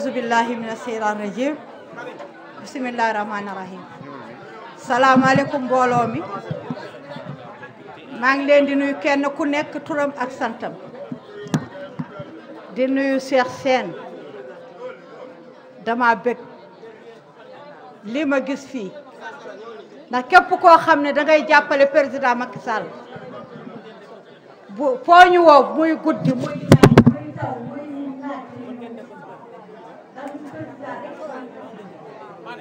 auzu billahi mina seytaan rajim bisimillahi rahmaani rahim salaamaaleykum mbooloo mi maa ngi leen di nuyu kenn ku nekk turam ak santam di nuyu Cheikh Sène dama bëgg li ma gis fii ndax képp koo xam ne dangay jàppale président Macky Sall bu foo ñu woo muy guddi muy président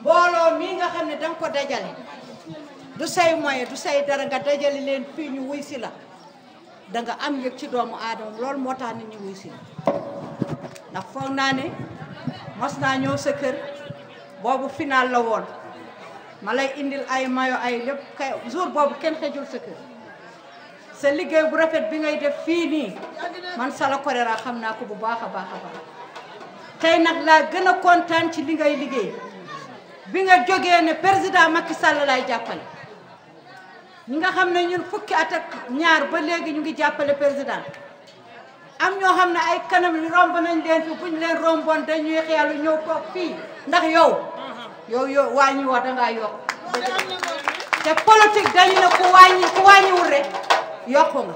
mbooloo mii nga xam ne danga ko dajale du say moyen du say dara nga dajale leen fii ñu wuy si la danga am yëg ci doomu aadama loolu moo tax nit ñi wuy si la ndax foog naa ne mos naa ñëw sa kër boobu final la woon ma lay indil ay mayo ay lépp kay jour boobu kenn xejul sa kër sa liggéey bu rafet bi ngay def fii nii man Salla Koleera xam naa ko bu baax a baax a baax tey nag laa gën a kontaan ci li ngay liggéey bi nga jógee ne président Macky Sall laay jàppale. ñi nga xam ne ñun fukki at ak ñaar ba léegi ñu ngi jàppale président am ñoo xam ne ay kanam yu romb nañ leen fi buñ leen romboon dañuy xeelu ñëw toog fii ndax yow yow yow waa ñuy dangaa yokk te politique dañu ne ku wàññi ku wàññiwul rek. yokku nga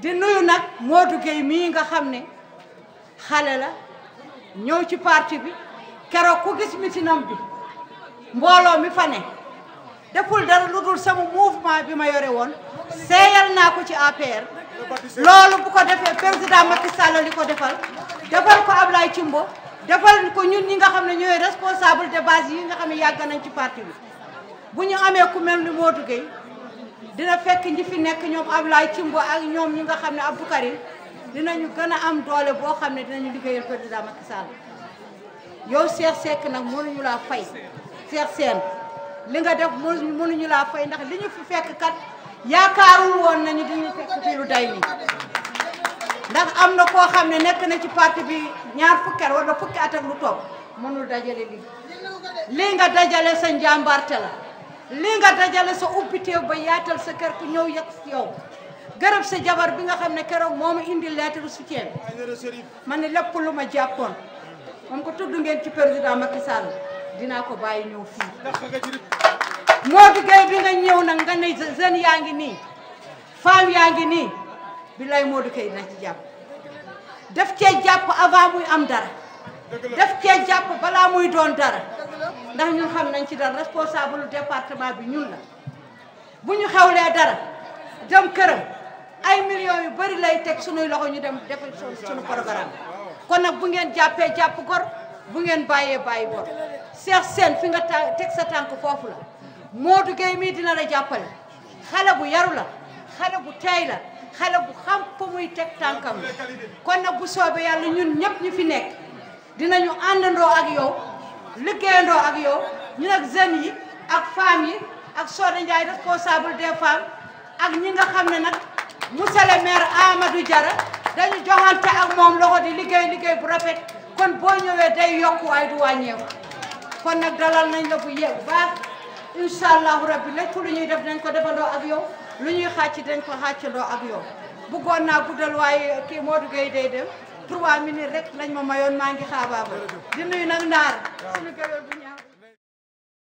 di nuyu nag Modou Gueye mii nga xam ne xale la ñëw ci parti bi keroog ku gis mitinam bi mbooloo mi fa ne deful dara lu dul sama mouvement bi ma yore woon seeyal naa ko ci APR loolu bu ko defee président Macky Sall li ko defal defal ko Ablaye Thimbo defal ko ñun ñi nga xam ne ñooy responsable de base yi nga xam yàgg nañ ci parti bi bu ñu amee ku mel ni Modou Gueye dina fekk ñi fi nekk ñoom Ablaye Timbo ak ñoom ñi nga xam ne Abdou dina ñu gën a am doole boo xam ne dinañu liggéeyal président Macky Sall yow Cheikh Seck nag mënuñu laa fay Cheikh seen li nga def mënuñu laa fay ndax li ñu fi fekk kat yaakaarul woon nañu diñu fekk fii lu day nii ndax am na koo xam ne nekk na ci parti bi ñaar fukki at wala fukki at ak lu topp mënul dajale lii lii nga dajale sa njàmbarte la li nga dajale sa ubbiteew ba yaatal sa kër ku ñëw yegg yow gërëm sa jabar bi nga xam ne keroog moo ma indi lettre soutien man ne lépp lu ma jàppoon moom ko tudd ngeen ci président Macky Sall dinaa ko bàyyi ñëw fii Modou Gueye bi nga ñëw nag nga ne jeunes yaa ngi nii femme yaa ngi nii bi lay Modou Gueye dina ci jàpp daf cee jàpp avant muy am dara def cee jàpp balaa muy doon dara ndax ñun xam nañ ci dara responsable département bi ñun la bu ñu xewlee dara dem këram ay millions yu bari lay teg suñuy loxo ñu dem def suñu programme kon nag bu ngeen jàppee jàpp gor bu ngeen bàyyee bàyyi bor Cheikh Sène fi nga ta teg sa tànk foofu la Modou Gueye mii dina la jàppale xale bu yaru la xale bu teey la xale bu xam fa muy teg tànkam la kon nag bu soobee yàlla ñun ñëpp ñu fi nekk dinañu àndandoo ak yow liggéeyandoo ak yow ñun ak jeunes yi ak femmes yi ak soo de Soda Ndiaye responsable des femmes ak ñi nga xam ne nag monsieur le maire Amadou Diarra dañu joxante ak moom loxo di liggéey liggéey bu rafet kon boo ñëwee day yokku waaye du wàññeeku kon nag dalal nañ la bu yéeg baax incha allahu rabbi lépp lu ñuy def dañ ko defandoo ak yow lu ñuy xàcc dañ ko xàccandoo ak yow buggoon naa guddal waaye kii Modou Gueye day dem. trois minutes rek lañ ma mayoon maa ngi xaabaabal di nuyu nag ndaar